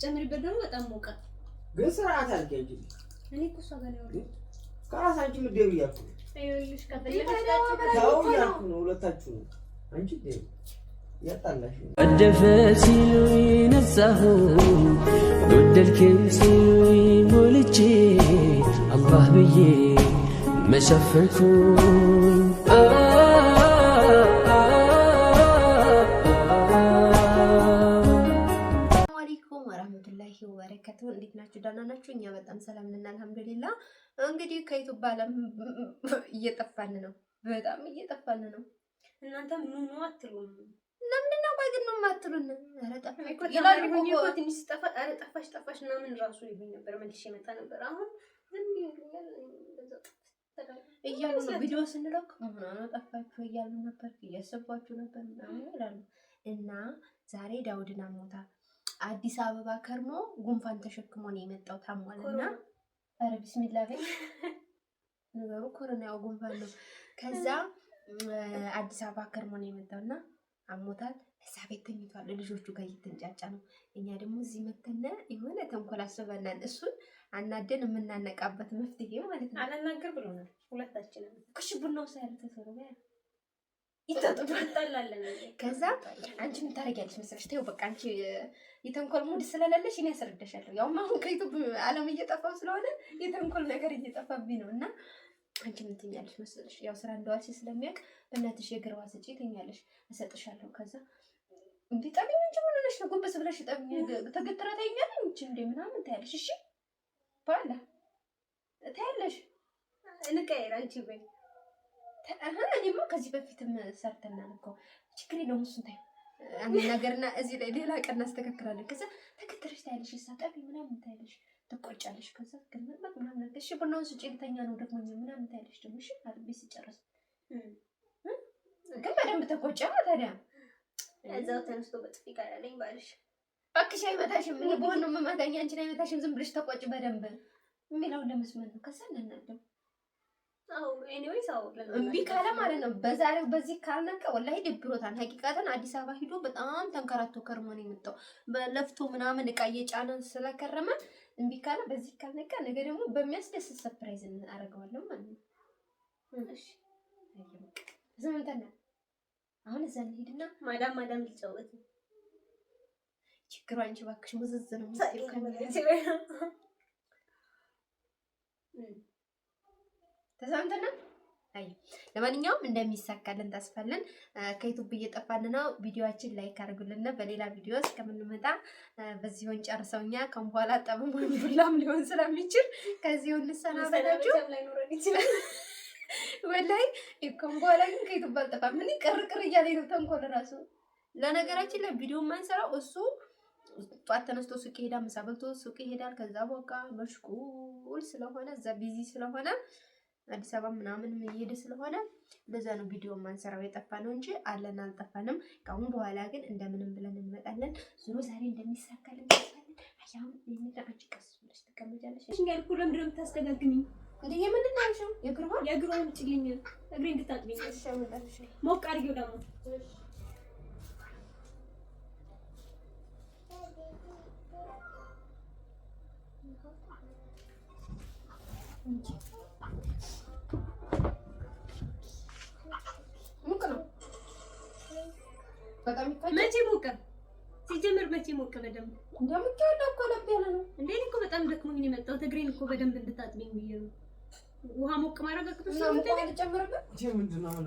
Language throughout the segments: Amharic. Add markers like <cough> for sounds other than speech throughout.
ስትጨምሪበት ደግሞ በጣም ሞቀ። ግን ስርዓት አድርጊ እንጂ እኔ እኮ እሷ ጋር ነው ከራስ አንቺ ምደብ እያልኩ ነው። እያልኩ ነው። ሁለታችሁ ነው አንቺ ደብ ሲሉ ነሳሁ ጎደልክም ሲሉ ሞልቼ አላህ ብዬ ደህና ናችሁ? እኛ በጣም ሰላም ነን አልሐምዱሊላ። እንግዲህ ከዩቱብ ዓለም እየጠፋን ነው፣ በጣም እየጠፋን ነው። እናንተ ምኑ አትሉም? ለምንድን ነው ቆይ ግን ምን ማትሉን? ኧረ ጠፋሽ እኮ ይላል እኮ ትንሽ ስጠፋ ኧረ ጠፋሽ ጠፋሽ ምናምን እራሱ ይሉኝ ነበር፣ መልሼ መጣ ነበር። አሁን ዝም ይሉኛል እያሉ ነው ቪዲዮ ስንለቅ ምናምን ጠፋችሁ እያሉ ነበር፣ እያሰባችሁ ነበር ምናምን ይላሉ። እና ዛሬ ዳውድን አሞታል አዲስ አበባ ከርሞ ጉንፋን ተሸክሞ ነው የመጣው። ታሟልና ኧረ ቢስሚላ በይ። <laughs> ነገሩ ኮሮና ያው ጉንፋን ነው። ከዛ <laughs> አዲስ አበባ ከርሞ ነው የመጣውና አሞታል። እዛ ቤት ተኝቷል። ልጆቹ ጋር እየተንጫጫ ነው። እኛ ደግሞ እዚህ መተነ የሆነ ተንኮል አስበናል። እሱን አናደን የምናነቃበት መፍትሄ ማለት ነው። አላናገር ብሎናል ሁለታችንም። ክሽ ቡናው ውሳ ያለ ተሰሩ ከዛ አንቺ ምን ታደርጊያለሽ መሰለሽ? ተይው በቃ አንቺ የተንኮል ሙድ ስለሌለሽ እኔ ያስረዳሻለሁ። ያውም አሁን ከዩቱብ ዓለም እየጠፋው ስለሆነ የተንኮል ነገር እየጠፋብኝ ነው እና አንቺ ምን ትኛለሽ መሰለሽ? ያው ስራ እንደዋልሽ ስለሚያውቅ በእናትሽ የግርባ ስጪ ትኛለሽ፣ እሰጥሻለሁ። ከዛ እንዴ ጠብኝ እንጂ ምን ሆነሽ ነው? ጎንበስ ብለሽ ጠብኝ፣ ተገትራ ታይኛለሽ እንጂ እንዴ ምናምን ታያለሽ። እሺ ባላ ታያለሽ። እንቀይር አንቺ በይ። እኔማ ከዚህ በፊትም ሰርተናል እኮ ችግር የለውም እሱን ታይ አንድ ነገርና እዚህ ላይ ሌላ ቀን እናስተካክላለን። ከዛ ተከተለሽ ታያለሽ፣ ይሳጠፊ ምናምን ታያለሽ፣ ትቆጫለሽ። ከዛ ግንመት ምናምን ነገር እሺ፣ ቡናውን ስጪ ልተኛ ነው ደግሞ ምናምን ታያለሽ። ደግሞ እሺ አልቤ ሲጨርስ ግን በደንብ ተቆጫ ታዲያ እዛው ተነስቶ በጥፊ ይቀራለኝ ባልሽ እባክሽ አይመታሽም። እኔ በሆነው መማታኛ አንቺን አይመታሽም። ዝም ብለሽ ተቆጭ በደንብ የሚለውን ለመስመር ነው። ከዛ እናናደው እምቢ ካለ ማለት ነው። በዛሬው በዚህ ካልነቀ ወላሂ ደብሮታል። ሀቂቃተን አዲስ አበባ ሂዶ በጣም ተንከራቶ ከርሞ ነው የመጣው። በለፍቶ ምናምን እቃ እየጫነን ስለከረመ እምቢ ካለ በዚህ ካልነቀ ነገ ደግሞ በሚያስደስት ሰፕራይዝ እናደርገዋለን ማለት ነው። እሺ አሁን እዛ እንሂድና ማዳም ማዳም ልጫወት። ችግሯ አንቺ እባክሽ ሙዝዝ ነው ተሰምተናል። አይ ለማንኛውም እንደሚሳካልን ተስፋለን። ከዩቱብ እየጠፋን ነው። ቪዲዮአችን ላይክ አድርጉልን። በሌላ ቪዲዮ እስከምንመጣ በዚሁን ጨርሰውኛ ከም በኋላ ጠብም ወይም ዱላም ሊሆን ስለሚችል ከዚሁ እንሰናበታችሁ። ወላይ ከም በኋላ ግን ከዩቱብ አልጠፋም። ምን ቅርቅር እያለኝ ነው ተንኮል ራሱ። ለነገራችን ላይ ቪዲዮ የማንሰራው እሱ ጧት ተነስቶ ሱቅ ይሄዳል፣ ምሳ በልቶ ሱቅ ይሄዳል። ከዛ በቃ መሽኩል ስለሆነ እዛ ቢዚ ስለሆነ አዲስ አበባ ምናምን እየሄደ ስለሆነ በዛ ነው ቪዲዮ ማንሰራው የጠፋ ነው እንጂ አለን አልጠፋንም። ከአሁን በኋላ ግን እንደምንም ብለን እንመጣለን። ዞሮ ዛሬ እንደሚሳካልን እንመጣለን። አያም አንቺ ቀስ ብለሽ ተቀምጫለሽ። እሺ ያልኩ ሁሉ ምንድን ነው የምታስተጋግሚኝ? እንደ የምንድን ነው ያልሽው? የግሯ የግሯ ምጭልኝ እግሬ እንድታጥብኝ። እሺ አመጣልሽ። ሞቅ አድርጊው ደግሞ እንጂ መቼ ሞቀ ሲጀምር መቼ ሞቀ? በደንብ እንደምትወደው እኮ ለብ ያለ ነው እንዴ? እኔ እኮ በጣም ደክሞኝ ነው የመጣሁት። እግሬን እኮ በደንብ እንድታጥብኝ ብዬ ነው። ውሃ ሞቅ ማድረግ አቅቶሽ ነው? ውሃ ሞቅ አድርጎ ምንድን ነው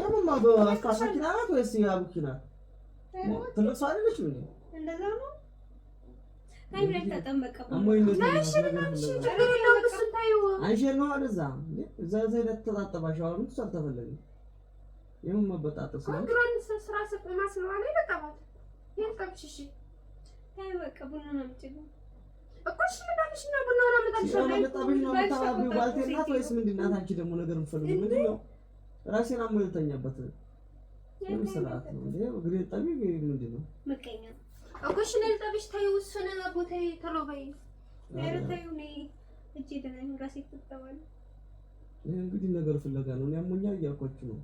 የምማ ናት ወይስ የአቡ ነገር የምትፈልጊው ምንድን ነው? ራሴን የተኛበት ስርዓት ነው። እግሬ ጠቢ ምንድን ነው ምቀኛ ነው ራሴ እንግዲህ ነገር ፍለጋ ነው። እኔ አሞኛል እያልኳችሁ ነው።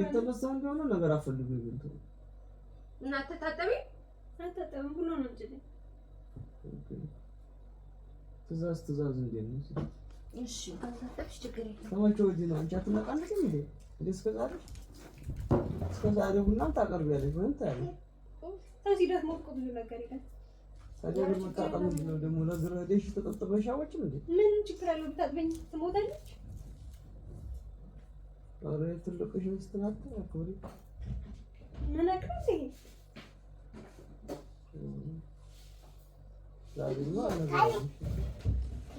የተነሳ እንደሆነ ነገር አፈልጉ እና አትታጠቢ አትታጠቢ ብሎ ነው እንጂ ትእዛዝ ትእዛዝ እንዴት ነው እሺ ካልታጠብሽ ችግር የለም። ከመቼ ወዲህ ነው አንቺ አትነቃነሽም እንዴ? እስከ ዛሬ እስከ ዛሬ ቡና ታቀርቢያለሽ ወይም ታያለሽ። እዚህ ደግሞ እኮ ብዙ ነገር የለም። ታዲያ ደግሞ ታጠብ ደግሞ ለግር ሄደሽ ተጠጥበሽ አወጭም እንዴ? ምን ችግር አለው ብታጥበኝ? ትሞታለች። ኧረ ትልቅሽ ሚስት ናት። አክብሪ ምን አቅርብ ይሄ ዛሬማ አለ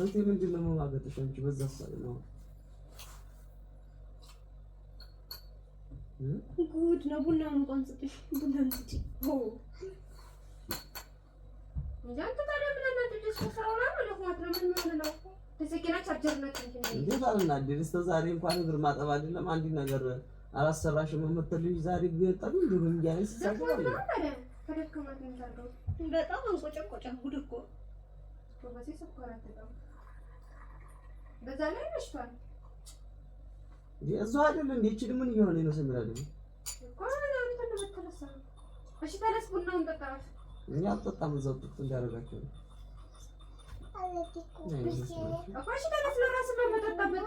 አንተ ምንድን ነው የማማገጥሽ? አንቺ በዛ ነው ጉድ ነው። ቡና እንኳን ስጥሽ ቡና ስጥሽ እንዴት አልናደድ? እስከ ዛሬ እንኳን እግር ማጠብ አይደለም አንድ ነገር አላሰራሽም የምትልሽ ዛሬ ቢወጣም እንዲሁም እያለኝ ሲሳቅ በጣም አንቆጨቆጨ ጉድ እኮ በሴ ስኳር አትጠው በዛ ላይ ነሽቷል። እዛው አይደል እንዴ? እቺ ምን እየሆነ ነው? ሰምራ ደግሞ እኮ እሺ፣ ተነስ ቡናውን ጠጣ። እኛ አልጠጣም። እዛው ጥጥ እንዳደረጋቸው ነው። እሺ፣ ተነስ ለራስህ መጠጣበት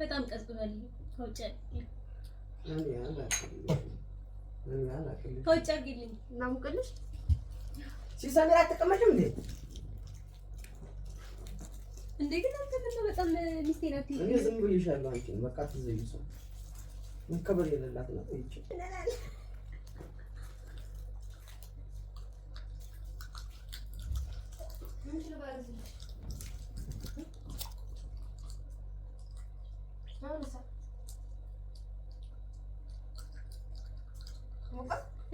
በጣም ቀዝቅዟል። ከውጭ ከውጭ አድርጊልኝ እና ሙቅልሽ ሲሳሜራ አትቀመጭም እንዴ? እንዴ ግን አንተ ምነው በጣም ሚስቴ ናት። ዝም ብዬሻለሁ። አንቺን በቃ ትዘዩ ሰው መከበር የሌላት ነው።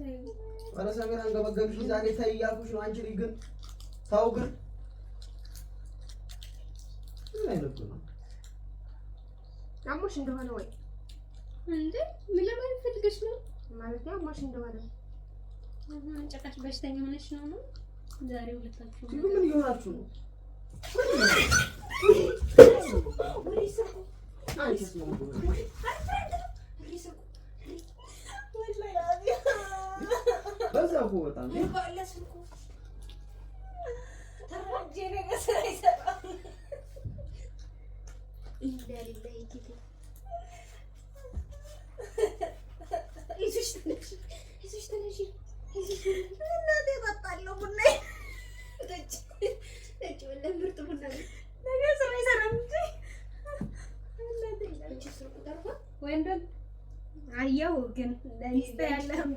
ኧረ ሰሜን አንገበገብሽ ዛሬ ተይ እያልኩሽ ነው። አንቺ ልጅ ግን ተው ግን ምን አይነቱ ነው? አሞሽ እንደሆነ ወይ እንዴ? ምን ለማለት ፈልገሽ ነው? ማለት አሞሽ እንደሆነ ጨቃሽ በሽተኛ ሆነሽ ነው ነው ዛሬ ሁለታችሁ ምን እየሆናችሁ ነው? አንቺስ ነው Halo semuanya. Terus ayo kan? Nanti halam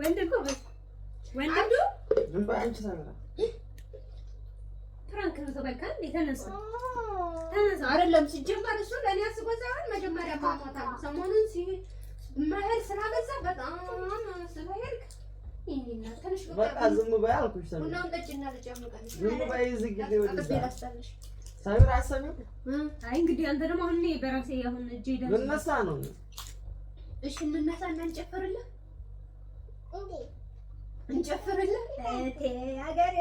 ወንድ ጎበዝ ወንድ ፍራንክ ነው። ተበልካ ተነሳ አይደለም ሲጀመር እሱ ለእኔ አስቦ ሳይሆን መጀመሪያ ማታ ሰሞኑን መሄድ ስላበዛ በጣም ስለሄድክ በቃ ዝም በይ አልኩሽ። አይ እንግዲህ አንተ ደግሞ አሁን በራሴ አሁን እጄ ልነሳ ነው። እሺ እንነሳ እና እንጨፍርለን አገሬ